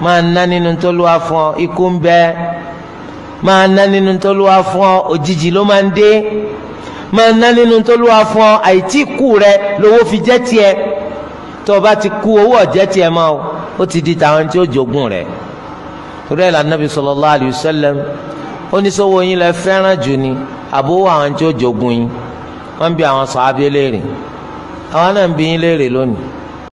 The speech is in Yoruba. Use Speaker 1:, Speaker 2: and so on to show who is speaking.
Speaker 1: máa ná nínú t'Olúwa fún ọ ikú ń bẹ máa ná nínú t'Olúwa fún ọ òjijì ló máa ń dé máa ná nínú t'Olúwa fún ọ àìtí kú rẹ lówó fi jẹ́ tiẹ̀ tó o bá ti kú owó ọ̀jẹ́ tiẹ̀ mọ́ o ó ti di tàwọn tí ó jogún rẹ̀ torí ẹ̀ lànà bí sallallahu alayhi wa sallam ó ní sọ́wọ́ yín lẹ fẹ́ràn jù ni àbówó àwọn tí ó jogún yín wọ́n ń bi àwọn sàábé léèrè àwọn náà ń bi yín léèrè lónìí